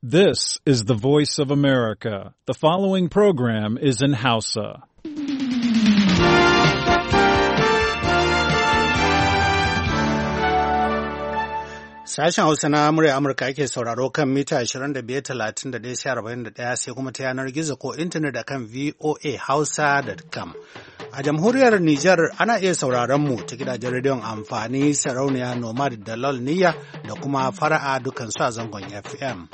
This is the voice of America. The following program is in Hausa. Sashen Hausa na murya Amurka yake sauraro kan mita 25,31,41 sai kuma ta yanar gizo ko intanet da kan voahausa.com. A jamhuriyar Nijar ana iya sauraron mu ta gidajen rediyon amfani sarauniya Nomad da Niyya da kuma fara'a dukansu a zangon FM.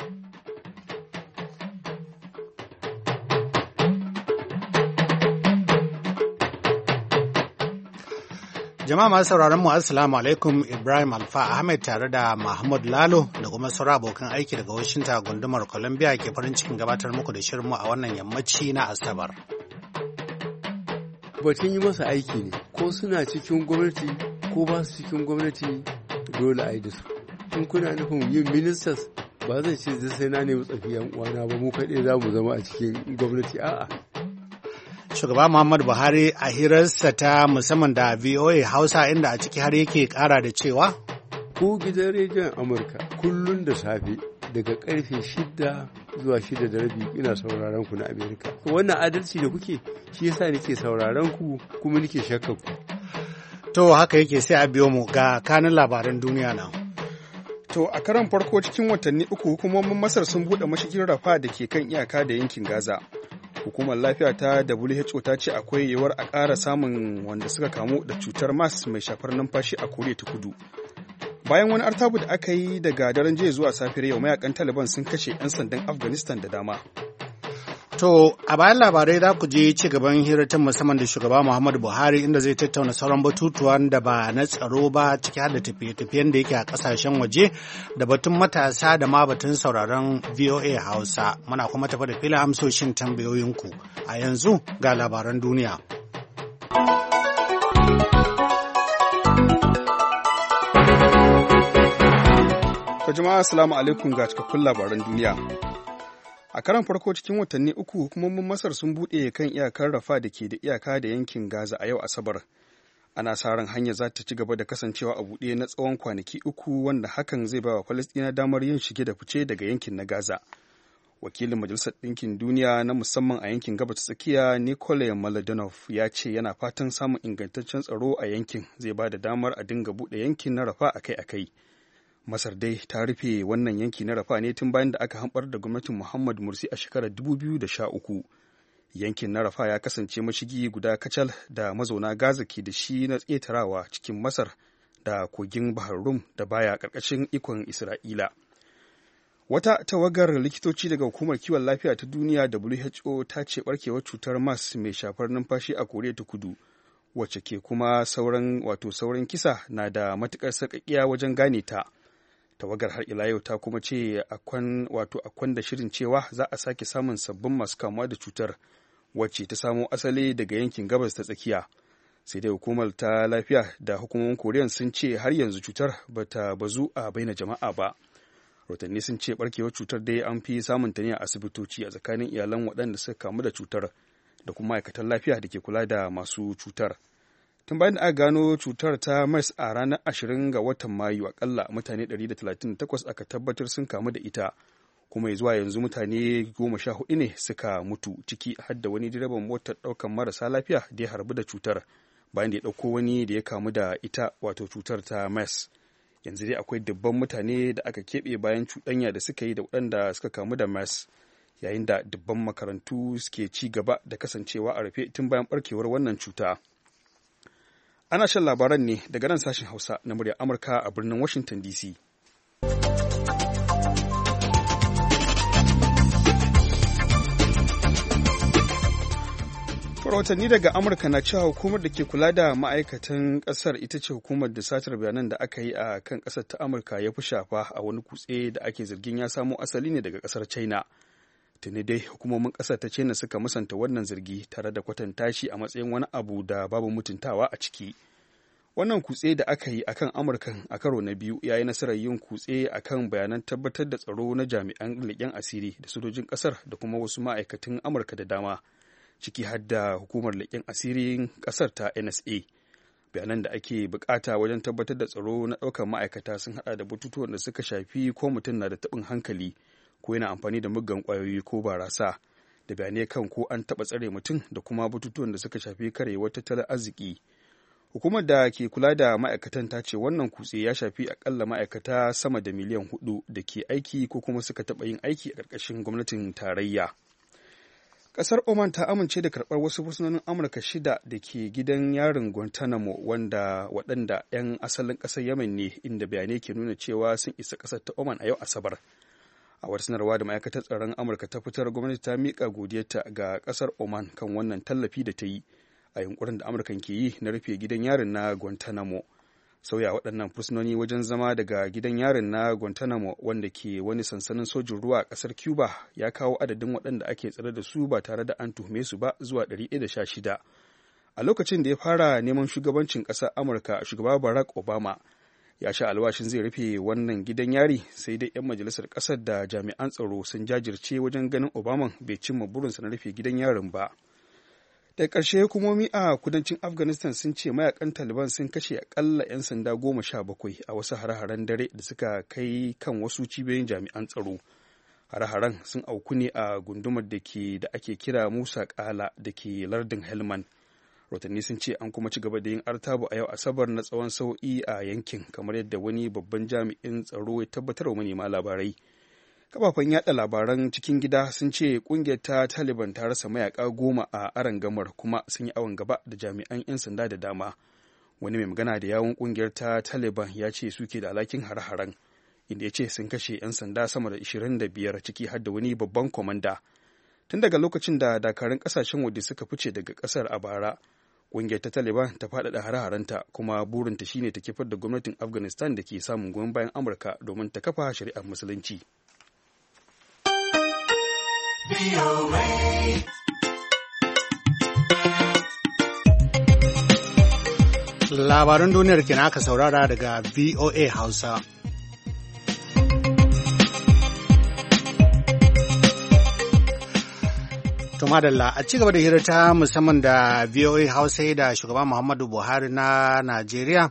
Jama'a masu sauraron mu assalamu alaikum Ibrahim Alfa Ahmed tare da Mahmud Lalo da kuma sauran abokan aiki daga Washington gundumar Columbia ke farin cikin gabatar muku da shirin mu a wannan yammaci na Asabar. Batun yi masa aiki ne ko suna cikin gwamnati ko ba su cikin gwamnati dole a yi da su. In kuna nufin yin ministers ba zai ce sai na nemi tsafiyan uwana ba mu kaɗai za mu zama a cikin gwamnati a'a. shugaba muhammadu buhari a hirarsa ta musamman da voa hausa inda a ciki har yake kara da cewa ku gidan rediyon amurka kullum da safe daga karfe shida zuwa shida da rabi ina sauraron ku na amerika wannan adalci da kuke shi yasa nake sauraron ku kuma nake shakka ku to haka yake sai a biyo mu ga kanin labaran duniya na to a karan farko cikin watanni uku hukumomin masar sun buɗe mashigin rafa da ke kan iyaka da yankin gaza hukumar lafiya ta who ta ce akwai yawar a ƙara samun wanda suka kamu da cutar mas mai shafar numfashi a koriya ta kudu bayan wani artabu da aka yi daga daren jiya zuwa safiyar yau mayakan taliban sun kashe 'yan sandan afghanistan da dama To, a bayan labarai za ku je ci gaban hira ta musamman da shugaba Muhammadu Buhari inda zai tattauna sauran batutuwan da ba na tsaro ba ciki har da tafiye-tafiyen da yake a kasashen waje da batun matasa da ma batun sauraron VOA Hausa. Muna kuma tafi da filin amsoshin tambayoyinku. A yanzu ga labaran duniya. jama'a assalamu alaikum ga cikakkun labaran duniya a karan farko cikin watanni uku hukumomin masar sun buɗe kan iyakar rafa da ke da iyaka da yankin gaza a yau asabar ana sa ran hanya za ta ci gaba da kasancewa a buɗe na tsawon kwanaki uku wanda hakan zai ba wa falastina damar yin shige da fice daga yankin na gaza wakilin majalisar ɗinkin duniya na musamman a yankin gabas tsakiya Nikolay maladonov ya ce yana fatan samun ingantaccen tsaro a yankin zai ba da damar a dinga buɗe yankin na rafa akai-akai Masar dai ta rufe wannan yanki na Rafa ne tun bayan da aka hambar da gwamnatin Muhammad Mursi a shekarar 2013. Yankin na Rafa ya kasance mashigi guda kacal da mazauna Gaza ke da shi na tsetarawa cikin Masar da kogin Bahar Rum da baya ƙarƙashin ikon Isra'ila. Wata tawagar likitoci daga hukumar kiwon lafiya ta duniya WHO ta ce barkewar cutar mas mai shafar numfashi a Koriya ta kudu wacce ke kuma sauran wato sauran kisa na da matukar sarƙaƙiya wajen gane ta. tawagar har ila yau ta kuma ce akwan wato akwan da shirin cewa za a sake samun sabbin masu kamuwa da cutar wacce ta samo asali daga yankin gabas ta tsakiya sai dai hukumar ta lafiya da hukumomin koriyan sun ce har yanzu cutar ba ta bazu a baina jama'a ba rotanni sun ce barkewar cutar dai an fi samun ta ne a asibitoci a tsakanin iyalan waɗanda suka kamu da cutar da kuma ma'aikatan lafiya da ke kula da masu cutar. tun bayan da aka gano cutar ta mers a ranar 20 ga watan mayu akalla mutane 138 aka tabbatar sun kamu da ita kuma zuwa yanzu mutane goma sha hudu ne suka mutu ciki har da wani direban motar daukan marasa lafiya da ya harbu da cutar bayan da ya dauko wani da ya kamu da ita wato cutar ta mers yanzu dai akwai dubban mutane da aka keɓe bayan cuɗanya da suka yi da waɗanda suka kamu da mers yayin da dubban makarantu suke ci gaba da kasancewa a rufe tun bayan barkewar wannan cuta. ana shan labaran ne daga nan sashen hausa na murya amurka a birnin washington dc Farautanni daga amurka na cewa hukumar da ke kula da ma'aikatan kasar ita ce hukumar da satar bayanan da aka yi a kan kasar ta amurka ya fi shafa a wani kutse da ake zargin ya samo asali ne daga kasar china tuni dai hukumomin kasar ta china suka musanta wannan zargi tare da kwatanta shi a matsayin wani abu da babu mutuntawa a ciki wannan kutse da aka yi akan amurka a karo na biyu ya yi nasarar yin kutse akan bayanan tabbatar da tsaro na jami'an leƙen asiri da sojojin ƙasar da kuma wasu ma'aikatan amurka da dama ciki har da hukumar leƙen asirin ƙasar ta nsa bayanan da ake bukata wajen tabbatar da tsaro na ɗaukar ma'aikata sun haɗa da bututuwan da suka shafi ko mutum na da taɓin hankali ko yana amfani da muggan ƙwayoyi ko barasa da bayanai kan ko an taɓa tsare mutum da kuma batutuwan da suka shafi karewar tattalin arziki hukumar da ke kula da ma'aikatan ta ce wannan kutse ya shafi akalla ma'aikata sama da miliyan hudu da ke aiki ko kuma suka taɓa yin aiki a ƙarƙashin gwamnatin tarayya ƙasar oman ta amince da karɓar wasu fursunonin amurka shida da ke gidan yarin guantanamo wanda waɗanda 'yan asalin ƙasar yemen ne inda bayanai ke nuna cewa sun isa ƙasar ta oman a yau asabar a wata sanarwa da ma'aikatar tsaron amurka ta fitar gwamnati ta miƙa godiyarta ga ƙasar oman kan wannan tallafi da ta yi a yunkurin da amurkan ke yi na rufe gidan yarin na guantanamo sauya waɗannan fursunoni wajen zama daga gidan yarin na guantanamo wanda ke wani sansanin sojin ruwa a ƙasar cuba ya kawo adadin waɗanda ake tsare da su ba tare da an tuhume su ba zuwa 116 a lokacin da ya fara neman shugabancin ƙasar amurka shugaba barack obama ya sha alwashin zai rufe wannan gidan yari sai dai 'yan majalisar ƙasar da jami'an tsaro sun jajirce wajen ganin obama bai cimma burinsa na rufe gidan yarin ba. da ƙarshe hukumomi a kudancin afghanistan sun ce mayakan taliban sun kashe akalla 'yan sanda goma sha bakwai a wasu hare-haren dare da suka kai kan wasu cibiyoyin jami'an tsaro hare-haren sun auku ne a gundumar da ke da ake kira musa kala da ke lardin helman rotanni sun ce an kuma ci gaba da yin artabu a yau asabar na tsawon sau'i a yankin kamar yadda wani babban jami'in tsaro ya tabbatar wa manema labarai kafafen yada labaran cikin gida sun ce kungiyar ta taliban ta rasa mayaka goma a arangamar kuma sun yi awon gaba da jami'an 'yan sanda da dama wani mai magana da yawon kungiyar ta taliban ya ce suke da alhakin har-haren inda ya ce sun kashe 'yan sanda sama da 25 ciki har da wani babban kwamanda tun daga lokacin da dakarun kasashen waje suka fice daga kasar a bara kungiyar ta taliban ta faɗaɗa hare-harenta kuma burinta shine ta kifar da gwamnatin afghanistan da ke samun goyon bayan amurka domin ta kafa shari'ar musulunci Labaran duniyar na aka saurara daga VOA Hausa. To madalla a ci gaba da hira ta musamman da VOA Hausa da shugaban Muhammadu Buhari na Najeriya.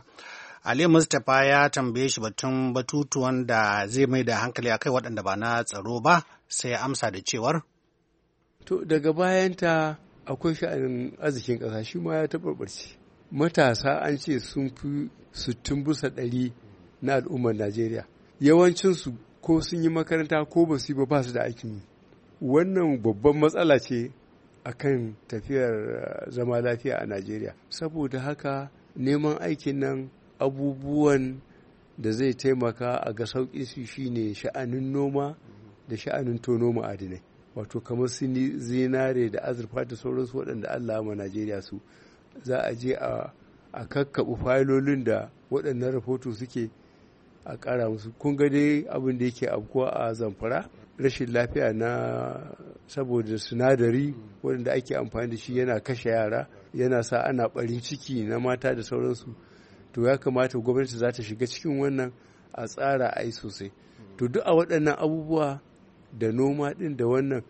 Ali Mustapha ya tambaye shi batun batutuwan da zai mai da hankali a kai waɗanda ba na tsaro ba sai ya amsa da cewar to daga bayanta akwai sha'anin arzikin ƙasa shi ma ya taɓarɓarce matasa an ce sun fi sittin bisa ɗari na al'ummar najeriya yawancinsu ko sun yi makaranta ko ba su ba su da aikin yi wannan babban matsala ce a kan tafiyar eh, zama lafiya a najeriya saboda haka neman aikin nan abubuwan da zai taimaka a ga sauƙi su shine sha'anin noma da sha'anin tono ma'adinai wato kamar su zinare da azurfa da sauransu waɗanda allah ma najeriya su za a je a kakkaɓu fayilolin da waɗannan rahoto suke a ƙara musu kun ga dai abin da yake abuwa a zamfara rashin lafiya na saboda sinadari waɗanda ake amfani da shi yana kashe yara yana sa ana ɓarin ciki na mata da sauransu to ya kamata gwamnati za ta shiga cikin wannan a tsara a yi sosai to duk a waɗannan abubuwa da noma din da wannan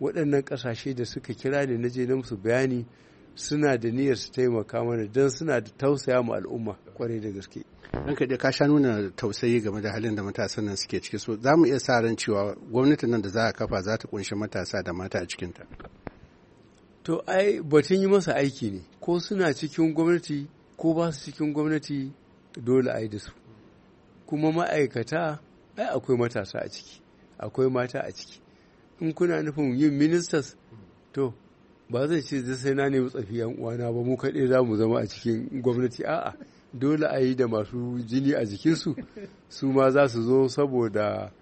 waɗannan ƙasashe da suka kira ne na je na musu bayani suna da niyyar su taimaka mana don suna da tausaya ma al'umma kwarai da gaske. Ranka dai ka sha nuna tausayi game da halin da matasan nan suke ciki so za mu iya sa ran cewa gwamnatin nan da za a kafa za ta kunshi matasa da mata a cikinta. To ai batun yi masa aiki ne ko suna cikin gwamnati ko ba su cikin gwamnati dole a yi da su kuma ma'aikata ai akwai matasa a ciki akwai mata a ciki in kuna nufin yin ministers to ba zai ce zai sai na nemi tsafi yan uwana ba mu kaɗai za mu zama a cikin gwamnati a'a dole a yi da masu jini a jikinsu su ma za su zo saboda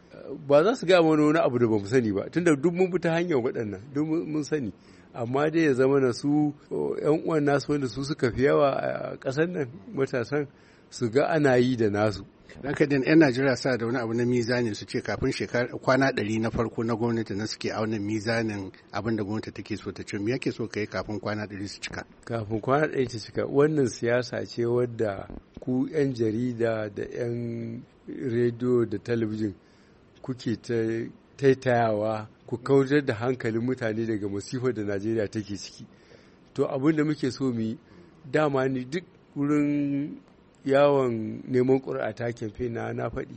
ba za su gaya wani abu da ba mu sani ba tunda duk mun fita hanyar waɗannan duk mun sani amma dai ya zama na su yan uwan nasu wanda su suka fi yawa a ƙasar nan matasan su ga ana yi da nasu ranka yan najeriya sa da wani abu na mizanin su ce kafin shekara kwana ɗari na farko na gwamnati na suke auna mizanin abin da gwamnati take so ta ce me yake so kai kafin kwana ɗari su cika kafin kwana ɗari su cika wannan siyasa ce wadda ku yan jarida da yan rediyo da talabijin kuke taitayawa ku kautar da hankalin mutane daga masifar da najeriya take ciki to abin da muke so mu dama ni duk wurin yawon neman ƙuri'a ta kemfe na na faɗi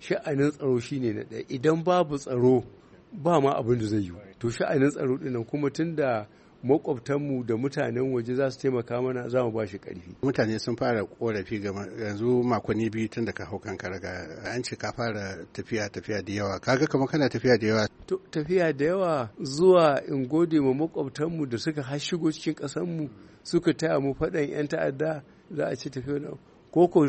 sha'anin tsaro shi ne na ɗaya idan babu tsaro ba ma abin da zai yi to sha'anin tsaro ɗin kuma tun da makwabtanmu da mutanen waje za su taimaka mana za mu ba shi ƙarfi. Mutane sun fara korafi ga yanzu makonni biyu tun da ka hau kanka raga an ce ka fara tafiya tafiya da yawa kaga kama kana tafiya da yawa. Tafiya da yawa zuwa in gode ma makwabtanmu da suka har shigo cikin ƙasanmu suka taya mu faɗan 'yan ta'adda za a ce tafi wani ko ko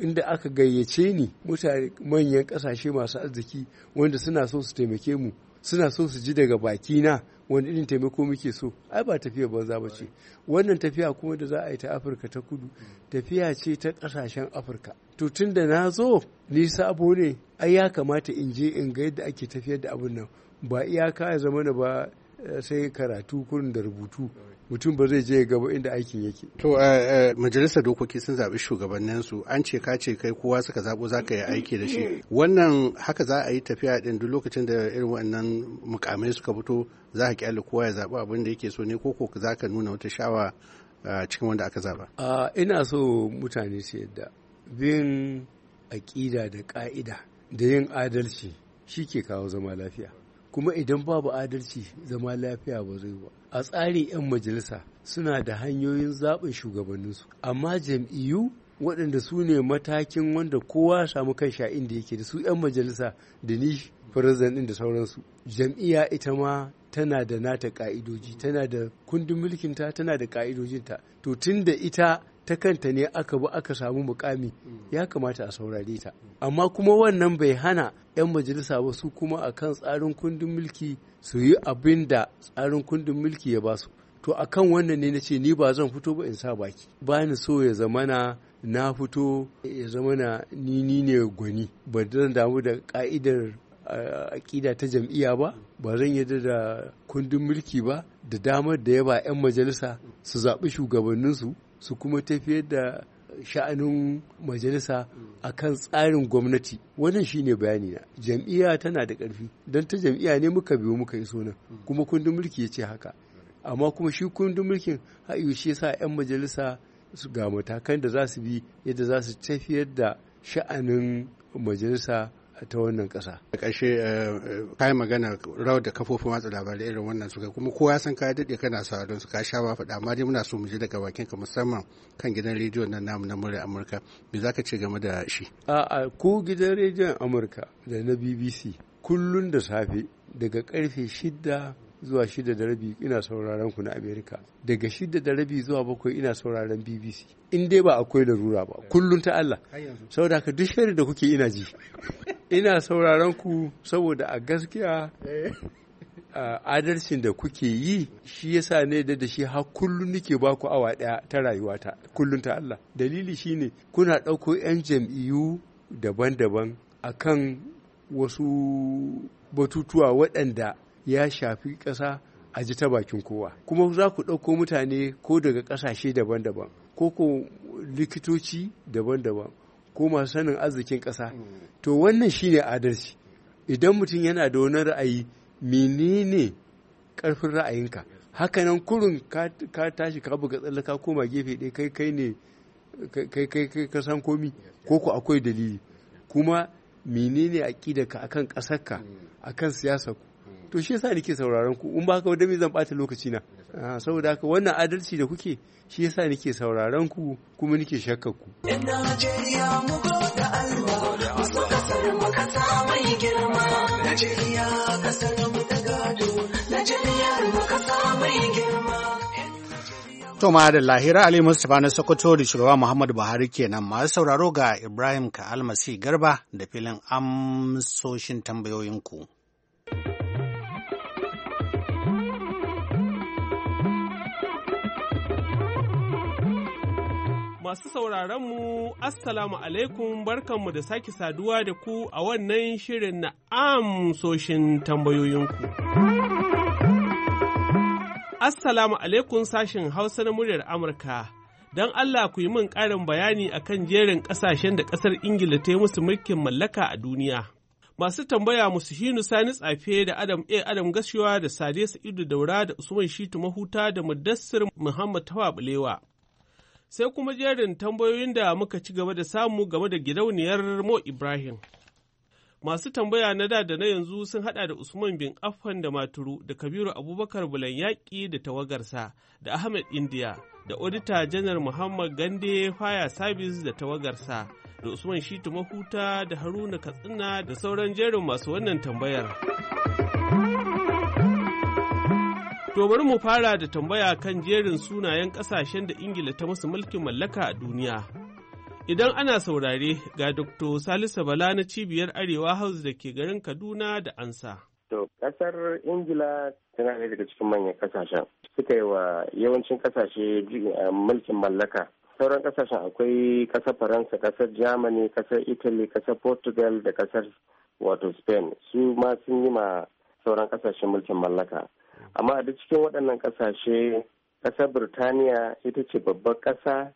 inda aka gayyace ni mutane manyan kasashe masu arziki wanda suna so su taimake mu suna so su ji daga baki na wani irin taimako muke so ai ba tafiya banza ba ce wannan tafiya kuma da za a yi ta afirka ta kudu tafiya ce ta kasashen afirka to tun da na zo ni sabo ne ai ya kamata in je in ga yadda ake tafiyar da abin nan ba iyaka ya zama na ba eh, sai karatu kurin da rubutu mutum ba zai je ya gaba inda aikin yake. To eh, eh, majalisar dokoki sun zaɓi shugabannin su an ce ka ce kai kowa suka zaɓo za ka yi aiki da shi. Wannan haka za a yi tafiya ɗin duk lokacin da irin wannan mukamai suka fito za ka kyale kowa ya zaɓi abin da yake so ne ko ko za ka nuna wata shawa eh, cikin wanda aka zaɓa. Ina so mutane su yadda bin aƙida da ƙa'ida da yin adalci shi ke kawo zama lafiya. kuma idan babu adalci zama lafiya ba zai ba a tsarin 'yan majalisa suna da hanyoyin zaɓin shugabanninsu amma jam'iyyu waɗanda su ne matakin wanda kowa samu kan sha'in da yake da su 'yan majalisa da ni firizan ɗin da sauransu jam'iyya ita ma tana da nata ka'idoji tana da kundin mulkinta tana da ka'idojinta to tun da ita ta kanta ne aka bi aka samu mukami mm. ya kamata a saurare ta amma kuma wannan bai hana 'yan majalisa ba su kuma a kan tsarin kundin mulki su yi abin da tsarin kundin mulki ya basu to a kan wannan ne na ce ni ba zan fito ba in sa baki ba ni so ya zamana na fito ya zamana ni ni ne gwani ba zan damu da ka'idar aƙida ta jam'iyya ba ba zan yadda da kundin mulki ba da damar da ya ba 'yan majalisa su zaɓi shugabanninsu su kuma tafiyar da sha'anin majalisa a kan tsarin gwamnati wannan shine bayani na jam'iyya tana da ƙarfi don ta jam'iyya ne muka biyu muka yi nan kuma kundin mulki ya ce haka amma kuma shi kundin mulkin ha'iyu shi sa 'yan majalisa ga matakan da za su bi yadda za su tafiyar da sha'anin majalisa ta wannan ƙasa. A ƙarshe eh, eh, kayan magana rawar da kafofin watsa labarai irin wannan suka kuma kowa san ka daɗe kana don su ka sha ma faɗa amma dai muna so mu je daga bakin ka musamman kan gidan rediyo nan namu na murya Amurka me za ka ce game da shi. A'a ko gidan rediyon Amurka da na BBC kullun da safe daga karfe shida zuwa shida da rabi ina sauraron ku na Amerika. Daga shida da rabi zuwa bakwai ina sauraron BBC. In dai ba akwai larura ba, kullum ta Allah. Saboda haka duk shirin da kuke ina ji. Ina sauraron ku saboda a gaskiya eh. adalcin da kuke yi shi yasa ne da shi har kullum nake ba ku awa ɗaya ta rayuwata kullum ta Allah dalili shine kuna ɗauko 'yan jam'iyyu daban-daban akan wasu batutuwa waɗanda ya shafi ƙasa a ji ta bakin kowa kuma za ku ɗauko mutane ko daga ƙasashe daban-daban ko ko likitoci daban-daban ko masu sanin arzikin ƙasa to wannan shine adalci idan mutum yana da wani ra'ayi menene ƙarfin ra'ayinka hakanan kurin ka tashi ka buga tsallaka ka koma gefe ɗaya kai kai ne kai kai ka san komi ko ku akwai dalili kuma menene aƙidarka akan ƙasarka akan siyasarku to shi yasa nake sauraron ku in ba ka da zan bata lokaci na ah, saboda haka wannan adalci da kuke shi yasa nake sauraron ku kuma nake shakkar ku Toma da lahira Ali Mustapha na Sokoto da shugaba Muhammadu Buhari kenan masu sauraro ga Ibrahim Ka Garba da filin amsoshin tambayoyinku. Masu sauraronmu, Assalamu alaikum barkanmu da sake saduwa da ku a wannan shirin na amsoshin tambayoyinku. Assalamu alaikum sashin Hausa na muryar Amurka. Don Allah ku yi min ƙarin bayani a kan jerin ƙasashen da ƙasar Ingila ta yi musu mulkin mallaka a duniya. Masu tambaya musu Hinu Sani Tsafe da Adam A. Adam Gashiwa da Sade Sa'idu Daura da Usman Shitu Mahuta da Mudassir Muhammad Tawa Bulewa. sai kuma jerin tambayoyin da muka ci gaba da samu game da gidauniyar Mo Ibrahim. Masu tambaya na da da na yanzu sun hada da Usman bin Affan da Maturu da Kabiru Abubakar Bulan Yaƙi da tawagarsa da Ahmed India da Odita Janar Muhammad Gande Fire Service da tawagarsa da Usman Shitu Mahuta da Haruna Katsina da sauran jerin masu wannan tambayar. To bari mu fara da tambaya kan jerin sunayen ƙasashen da Ingila ta musu mulkin mallaka a duniya. Idan ana saurare ga Dr. Salisu Bala na Cibiyar Arewa House da ke garin Kaduna da Ansa. To, ƙasar Ingila tana ɗaya daga cikin manyan ƙasashen. Suka yi wa yawancin ƙasashe eh, mulkin mallaka. Sauran ƙasashen akwai ƙasar Faransa, ƙasar Germany, ƙasar Italy, ƙasar Portugal da ƙasar wato Spain. Su ma sun yi ma sauran ƙasashen mulkin mallaka. amma a duk cikin waɗannan ƙasashe ƙasar birtaniya ita ce babbar ƙasa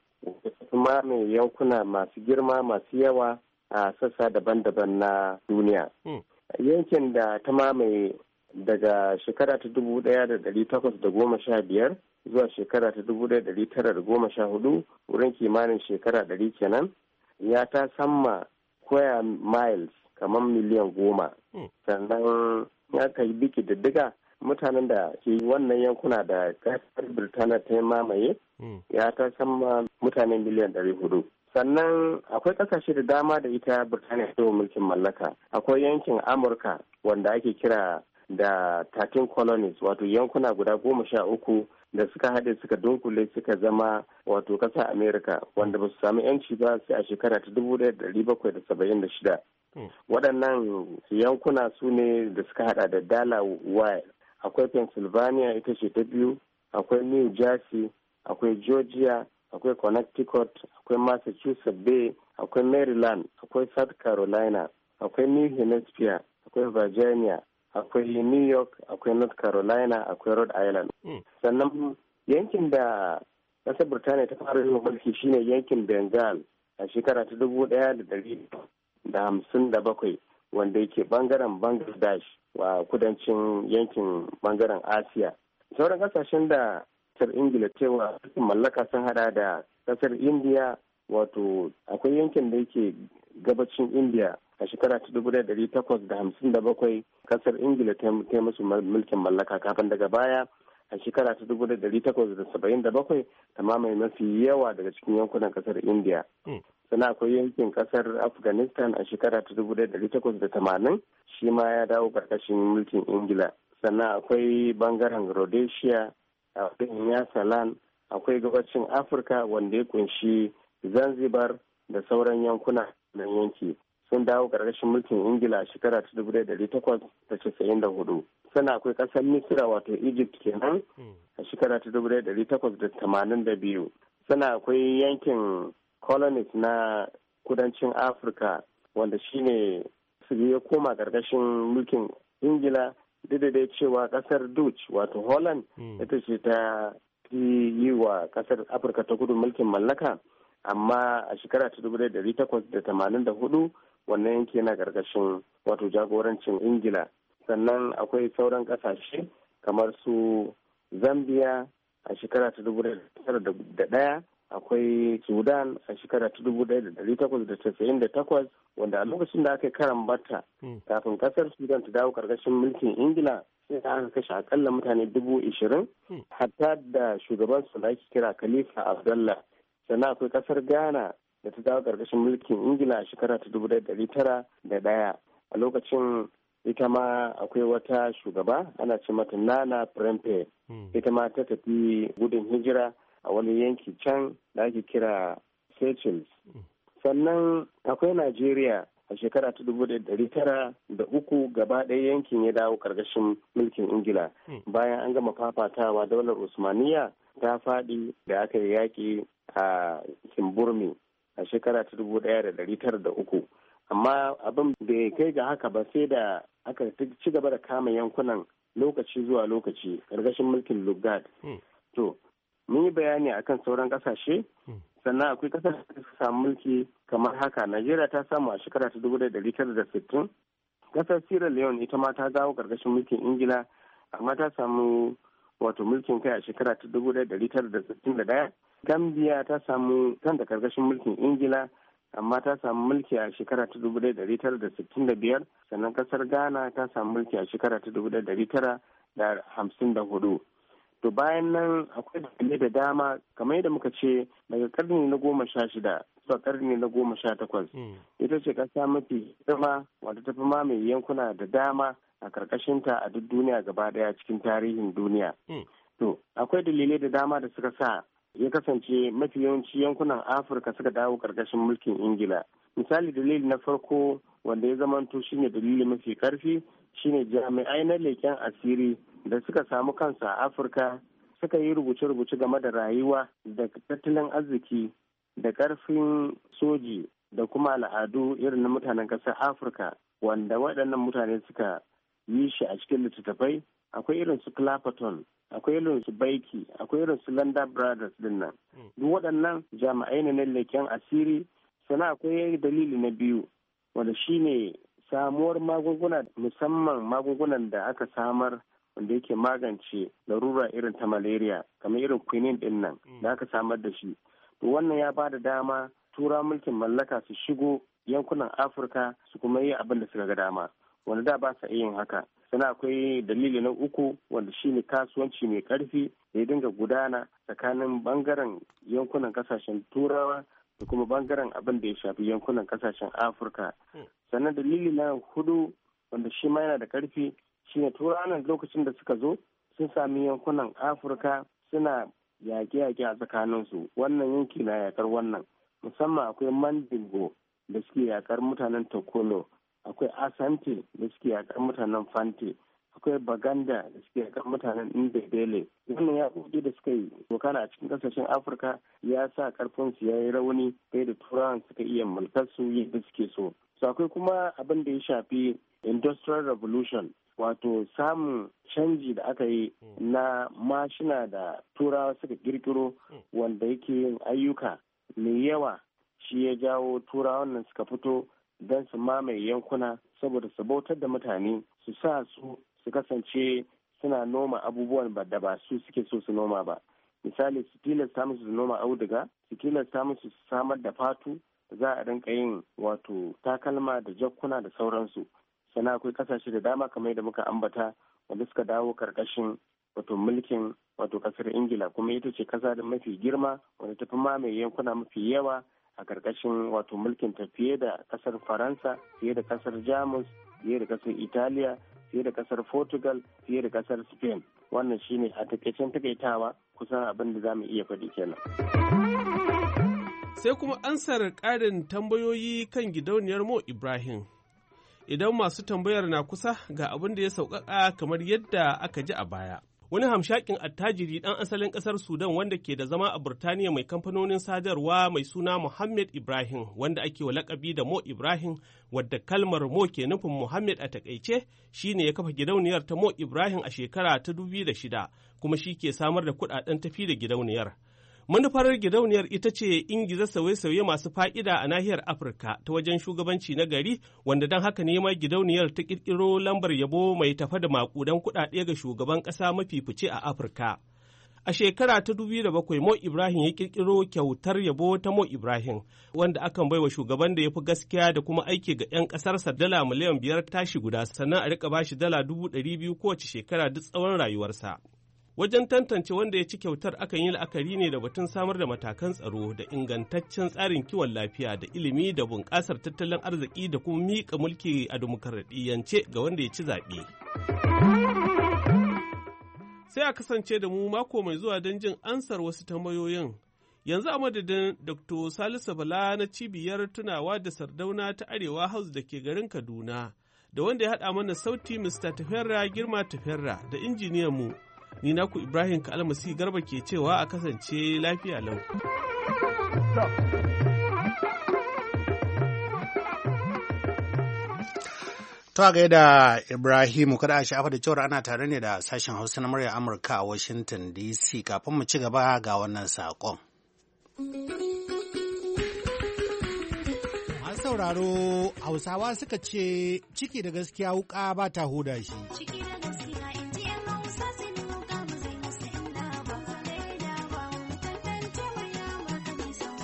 kuma mai yankuna masu girma masu yawa a sassa daban-daban na duniya hmm. yankin da ta mamaye daga shekara ta dubu ɗaya da ɗari takwas da goma sha biyar zuwa shekara ta dubu ɗaya ɗari tara da goma sha hudu wurin kimanin shekara ɗari kenan ya ta samma koya miles kamar miliyan goma hmm. sannan ya kai biki diddiga mutanen da ke wannan yankuna da kasar birtana ta mamaye hmm. ya ta sama mutane miliyan ɗari hudu sannan akwai ƙasashe da dama da ita birtaniya ta mulkin mallaka akwai yankin amurka wanda ake kira da tatin colonies wato yankuna guda goma sha uku da suka haɗe suka dunkule suka zama wato ƙasa amerika wanda ba su sami yanci ba sai a shekara ta dubu ɗaya da da bakwai saba'in shida hmm. waɗannan yankuna su ne da suka haɗa da dala akwai pennsylvania ita ce ta biyu akwai new jersey akwai georgia akwai connecticut akwai massachusetts bay akwai maryland akwai south carolina akwai new hampshire akwai virginia akwai new york akwai north carolina akwai rhode island hmm. sannan yankin da ƙasar birtaniya ta fara yin mulki shine yankin bengal a shekara ta dubu ɗaya da dari da hamsin da bakwai wanda yake bangaren bangladesh wa kudancin yankin bangaren asiya sauran kasashen da kasar ingila cewa mallaka sun hada da kasar india wato akwai yankin da yake gabacin india a shekara ta dubu dari takwas da hamsin da bakwai kasar ingila ta musu mulkin mallaka kafin daga baya a shekara ta dubu dari takwas da saba'in da bakwai ta mamaye mafi yawa daga cikin yankunan kasar india hmm. sannan akwai yankin kasar afghanistan a shekara ta dubu da takwas da tamanin shi ma ya dawo karkashin mulkin ingila sannan akwai bangaren rhodesia akwai salan. akwai gabacin afirka wanda ya kunshi zanzibar da sauran yankuna na yanki sun dawo karkashin mulkin ingila a shekara ta dubu da takwas da casa'in da hudu sannan akwai kasar misira wato egypt kenan hmm. a shekara ta dubu da takwas da tamanin da biyu sannan akwai yankin colonies na kudancin afirka wanda shine ya koma gargashin mulkin ingila duk da dai cewa kasar dutch wato holland hmm. ita ce ta yi wa kasar afirka ta kudu mulkin mallaka amma a shekara ta dubu dari da hudu wannan yanki yana gargashin wato jagorancin ingila sannan akwai sauran kasashe kamar su zambia a shekara ta dubu da ɗaya akwai sudan a shekara ta dubu ɗaya da ɗari takwas da tasa'in da takwas wanda a lokacin da aka yi karan bata hmm. kafin kasar sudan ta dawo karkashin mulkin ingila sai da aka kashe akalla mutane dubu ashirin hmm. hatta da shugaban su da ake kira khalifa abdullah sannan akwai kasar ghana da ta dawo karkashin mulkin ingila a shekara ta dubu ɗaya da ɗari tara da ɗaya a lokacin ita ma akwai wata shugaba ana ce mata nana prempe hmm. ita ma ta tafi gudun hijira a wani yanki can da ake kira seychelles sannan akwai najeriya a shekara ta dubu da dari tara da uku gaba ɗaya yankin ya dawo ƙarƙashin mulkin ingila bayan an gama fafatawa daular usmaniya ta faɗi da aka yi yaƙi a kimburmi a shekara ta dubu daya da dari tara da uku amma abin bai kai ga haka ba sai da aka ci gaba da kama yankunan lokaci zuwa lokaci ƙarƙashin mulkin lugard hmm. to mun yi bayani akan sauran kasashe hmm. sannan akwai kasar da suka samu mulki kamar haka najeriya ta samu a shekara ta dubu da tara da sittin kasar sierra leone ita ma ta dawo karkashin mulkin ingila amma ta samu wato mulkin kai a shekara ta dubu da tara da sittin da daya gambia ta samu kan da karkashin mulkin ingila amma ta samu mulki a shekara ta dubu da tara da sittin da biyar sannan kasar ghana ta samu mulki a shekara ta dubu da tara da hamsin da hudu to bayan nan akwai dalilai da dama kamar yadda muka ce daga karni na goma sha shida zuwa karni na goma sha takwas hmm. ita ce ƙasa mafi girma wanda ta fi mai yankuna da dama a ta a duk duniya gaba ɗaya cikin tarihin duniya hmm. to akwai dalilai da dama da suka sa ya kasance mafi yawanci yankunan afirka suka dawo karkashin mulkin ingila misali dalili na farko wanda ya zamanto shine dalili mafi karfi shine jami'ai na leƙen asiri da suka samu kansu a afirka suka yi rubuce-rubuce game da rayuwa da tattalin arziki da ƙarfin soji da kuma al'adu irin na mutanen ƙasar afirka wanda waɗannan mutane suka yi shi a cikin littattafai akwai irin su clapperton akwai irin su baiki akwai irin su landa brothers din nan hmm. duk waɗannan jami'ai ne na leken asiri sana akwai dalili na biyu wanda shine samuwar magunguna musamman magungunan da aka samar wanda yake magance larura irin ta malaria kamar irin quinine din nan mm. da aka samar da shi to wannan ya ba da dama tura mulkin mallaka su shigo yankunan afirka su kuma yi abin da suka ga dama wanda da ba sa yin haka sana akwai dalili na uku wanda shine kasuwanci mai karfi da ya dinga gudana tsakanin bangaren yankunan kasashen turawa da kuma bangaren abin da ya shafi yankunan kasashen afirka mm. sannan dalili na hudu wanda shi ma yana da karfi shine turanan lokacin da suka zo sun sami yankunan afirka suna yaƙe-yaƙe a tsakaninsu wannan yanki na yakar wannan musamman akwai mandingo da suke yakar mutanen tokolo akwai asante da suke yakar mutanen fante akwai baganda da suke yakar mutanen indebele wannan yaƙoƙi da suka yi dokana a cikin ƙasashen afirka ya sa ƙarfinsu ya yi rauni kai da turawan suka iya mulkar mulkarsu yadda suke so so akwai kuma abin da ya shafi industrial revolution wato samun canji da aka yi hmm. na mashina da turawa suka kirkiro hmm. wanda yake yin ayyuka mai yawa shi ya jawo turawan nan suka fito don su mamaye yankuna saboda su bautar da mutane su sa su su kasance suna noma abubuwan da ba su suke so su noma ba misali su tilasta musu su noma auduga su tilasta musu su samar da fatu za a rinka yin wato takalma da jakkuna da sauransu sannan akwai kasashe da dama kamar yadda muka ambata wanda suka dawo karkashin wato mulkin wato kasar ingila kuma ita ce kasa da mafi girma wanda tafi mamaye yankuna mafi yawa a karkashin wato mulkin ta fiye da kasar faransa fiye da kasar jamus fiye da kasar italiya fiye da kasar portugal fiye da kasar spain wannan shine a takaicen takaitawa kusan abin da za mu iya faɗi kenan sai kuma ansar ƙarin tambayoyi kan gidauniyar mo ibrahim idan masu tambayar na kusa ga abin da ya sauƙaƙa kamar yadda aka ji a baya. Wani hamshakin attajiri ɗan asalin ƙasar Sudan wanda ke da zama a Burtaniya mai kamfanonin sadarwa mai suna Mohammed Ibrahim wanda ake wa lakabi da Mo Ibrahim wadda kalmar Mo ke nufin Mohammed a takaice ne ya kafa gidauniyar ta Mo Ibrahim a shekara ta shida kuma shi ke samar da kuɗaɗen tafi da gidauniyar. Manufar gidauniyar ita ce ingiza sauye-sauye masu fa'ida a nahiyar Afirka ta wajen shugabanci na gari wanda don haka ne ma gidauniyar ta kirkiro lambar yabo mai tafa da maƙudan kuɗaɗe ga shugaban ƙasa mafi fice a Afirka. A shekara ta bakwai Mo Ibrahim ya ƙirƙiro kyautar yabo ta Mo Ibrahim wanda akan baiwa shugaban da ya fi gaskiya da kuma aiki ga 'yan ƙasarsa dala miliyan biyar tashi guda sannan a riƙa bashi dala dubu ɗari biyu kowace shekara duk tsawon rayuwarsa. Wajen tantance wanda ya ci kyautar akan yi la'akari ne da batun samar da matakan tsaro da ingantaccen tsarin kiwon lafiya da ilimi da bunƙasar tattalin arziki da kuma miƙa mulki a dimokuraɗiyyance ga wanda ya ci zaɓe. Sai a kasance da mu mako mai zuwa don jin ansar wasu tambayoyin. Yanzu a madadin Dr. Salisu Bala na cibiyar tunawa da Sardauna ta Arewa House da ke garin Kaduna, da wanda ya haɗa mana sauti Mr. Tafera Girma Tafera da injiniyan mu. Ni naku Ibrahim Kalmasi Garba ke cewa a kasance lafiya lau. To a gaida Ibrahimu kada a sha'afa da cewar ana tare ne da sashen Hausa na murya Amurka a Washington DC kafin mu ci gaba ga wannan saƙon. Masu sauraro Hausawa suka ce ciki da gaskiya wuka ba ta huda shi.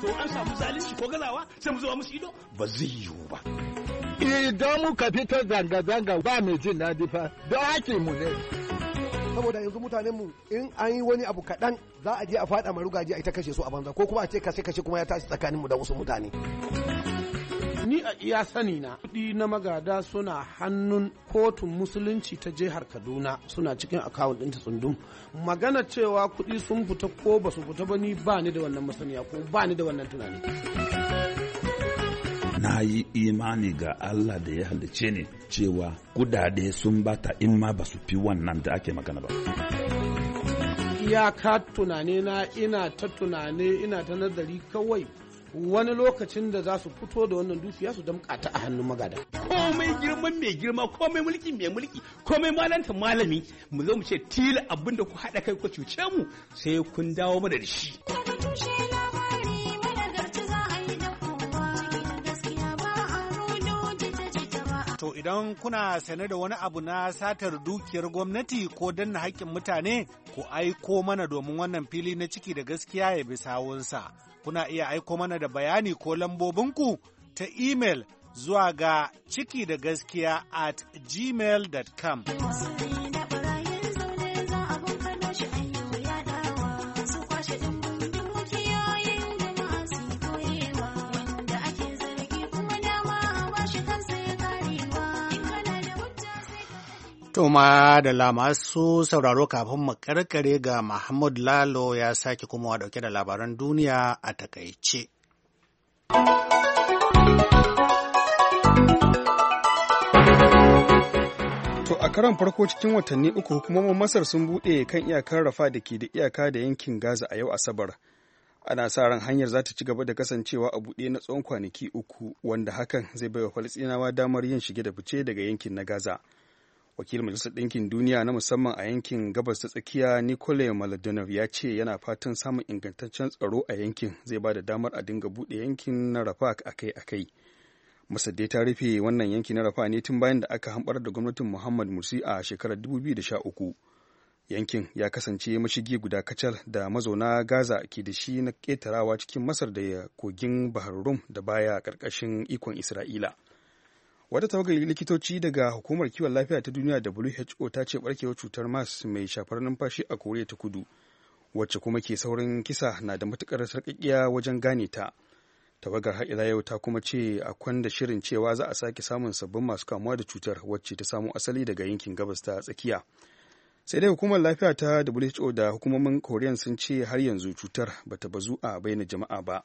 ko an samu zalunci ko gazawa sai mu zuba musu ido ba zai yiwu ba idan muka fito zanga-zanga ba mai jin daɗi fa don haƙi mu ne saboda yanzu mutanen mu in an yi wani abu kaɗan za a je a faɗa marugaji a ita kashe su a banza ko kuma a ce kashe kashe kuma ya tashi tsakanin mu da wasu mutane ni a iya sani na kuɗi na magada suna hannun kotun musulunci ta jihar kaduna suna cikin akawun ɗinta tsundum magana cewa kuɗi sun fita ko ba su fita ba ni ba ni da wannan masaniya ko ba ni da wannan tunani na yi imani ga Allah da ya halice ni cewa kudade sun bata in ma ba su fi wannan da ake magana ba. Iyaka tunane na ina ta tunane ina ta nazari kawai wani lokacin da za su fito da wannan dukiya su damƙa ta a hannun magada. Komai girman mai girma, komai mulki mai mulki, komai malanta malami, mu zo mu ce tila abin da ku haɗa kai ku cuce mu sai kun dawo mana da shi. To idan kuna sane da wani abu na satar dukiyar gwamnati ko danna haƙƙin mutane, ku aiko mana domin wannan fili na ciki da gaskiya ya bi sawunsa. kuna iya aiko mana da bayani ko lambobinku ta imel zuwa ga ciki da gaskiya at gmail.com. To ma da masu sauraro kafin mu karkare ga Mahmud Lalo ya sake kuma dauke da labaran duniya a takaice. To a karon farko cikin watanni uku hukumomin Masar sun buɗe kan iyakar rafa da ke da iyaka da yankin Gaza a yau Asabar. Ana sa ran hanyar za ta ci gaba da kasancewa a buɗe na tsawon kwanaki uku wanda hakan zai baiwa Falasɗinawa damar yin shige da fice daga yankin na Gaza. wakil majalisar ɗinkin duniya na musamman a yankin gabas ta tsakiya nicole maladonov ya ce yana fatan samun ingantaccen tsaro a yankin zai ba da damar a dinga buɗe yankin na rafa akai-akai masar dai ta rufe wannan yanki na rafa ne tun bayan da aka hambar da gwamnatin muhammad mursi a shekarar 2013 yankin ya kasance mashigi guda kacal da mazauna gaza ke da shi na ƙetarawa cikin masar da kogin bahar rum da baya ƙarƙashin ikon isra'ila wata tawagar likitoci daga hukumar kiwon lafiya ta duniya who ta ce barkewar cutar mas mai shafar numfashi a koriya ta kudu wacce kuma ke saurin kisa na da matukar sarkakiya wajen gane ta tawagar har ila yau ta kuma ce akwai da shirin cewa za a sake samun sabbin masu kamuwa da cutar wacce ta samo asali daga yankin gabas ta tsakiya sai dai hukumar lafiya ta who da hukumomin koriyan sun ce har yanzu cutar bata bazu a bayyana jama'a ba.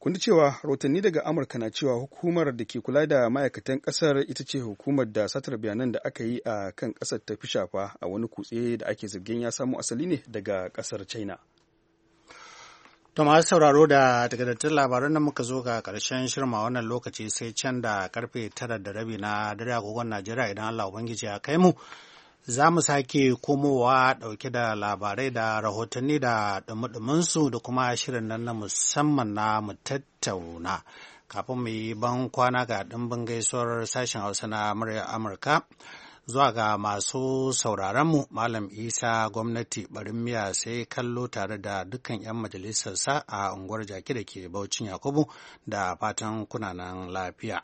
kun cewa rahotanni daga amurka na cewa hukumar da ke kula da ma'aikatan kasar ita ce hukumar da satar bayanan da aka yi a kan kasar ta fi shafa a wani kutse da ake zargin ya samu asali ne daga kasar china To masu sauraro da takardattun labaran nan muka zo ga karshen shirma wannan lokaci sai can da karfe tara da rabi na dare agogon Najeriya idan Allah Ubangiji ya kai mu za mu sake komowa ɗauke da labarai da rahotanni da ɗumuɗuminsu da kuma shirin nan na musamman na mu tattauna. Kafin mu yi ban kwana ga ɗimbin gaisuwar sashen Hausa na murya Amurka. Zuwa ga masu sauraronmu Malam Isa gwamnati barin miya sai kallo tare da dukkan 'yan majalisarsa a unguwar jaki da ke Baucin Yakubu da fatan kunanan lafiya.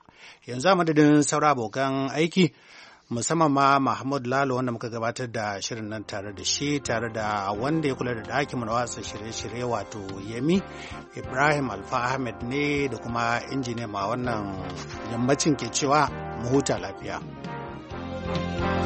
Yanzu a madadin saura abokan aiki. musamman ma Mahmud Lalo wanda muka gabatar da shirin nan tare da shi tare da wanda ya kula da ɗakin na watsa shirye-shirye wato Yemi Ibrahim Alfa Ahmed ne da kuma injiniya ma wannan yammacin ke cewa mu huta lafiya. thank you